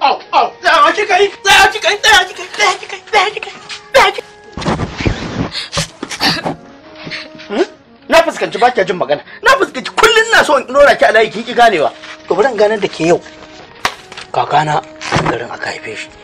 Au, au, hmm? Na fuskanci ba jin magana, na fuskanci kullum na so in ɗora ki a layi ki ki ganewa. Gobe, ganar da ke yau. Kakana garin aka haife shi.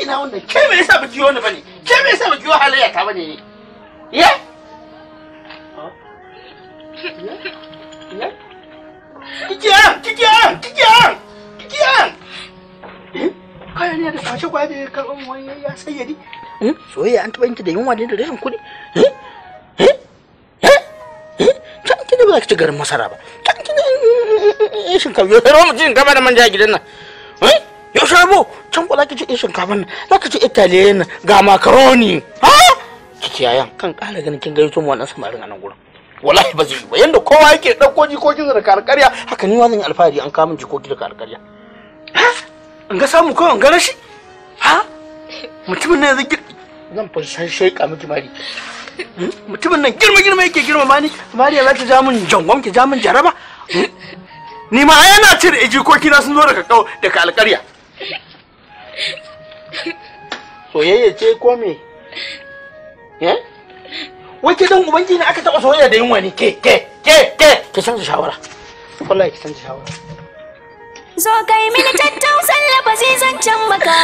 ina wannan ke me yasa baki wani bane ke me yasa halayya ta bane ne ya Kaya ne da kwace kwaje karɓar ya sayyadi. Eh? Soyayya an taɓa yanki da yunwa da rashin kuɗi? Eh? Eh? ba za ci garin masara ba. Kan kina shinkafa, yau sai mutum da manja gidan nan. sha mu can ko zaki ci ɗin shinkafa nan zaki ci italiyan nan ga makaroni ha kike yayan kan ƙara ganin kin gaito mu wannan samarin a nan gurin wallahi ba zai yi ba yanda kowa yake ɗauko jikokin da karkarya haka ni ma zan yi alfahari an kamun jikoki da karkarya in ga samu kawai in ga rashi ha mutumin nan yanzu zan fansan shaika miki mari hmm? mutumin nan girma girma yake girma mani mariya za ta ja min jangon ki ja min jaraba hmm? ni ma yana ce da jikoki na sun zo daga daga alƙarya soyayya ce ko me eh? wace dan ubangi ne aka taba soyayya da yunwa ne ke ke ke ke ke canza shawara wallahi ke canza shawara zo kai mini tattausan labazi zan can maka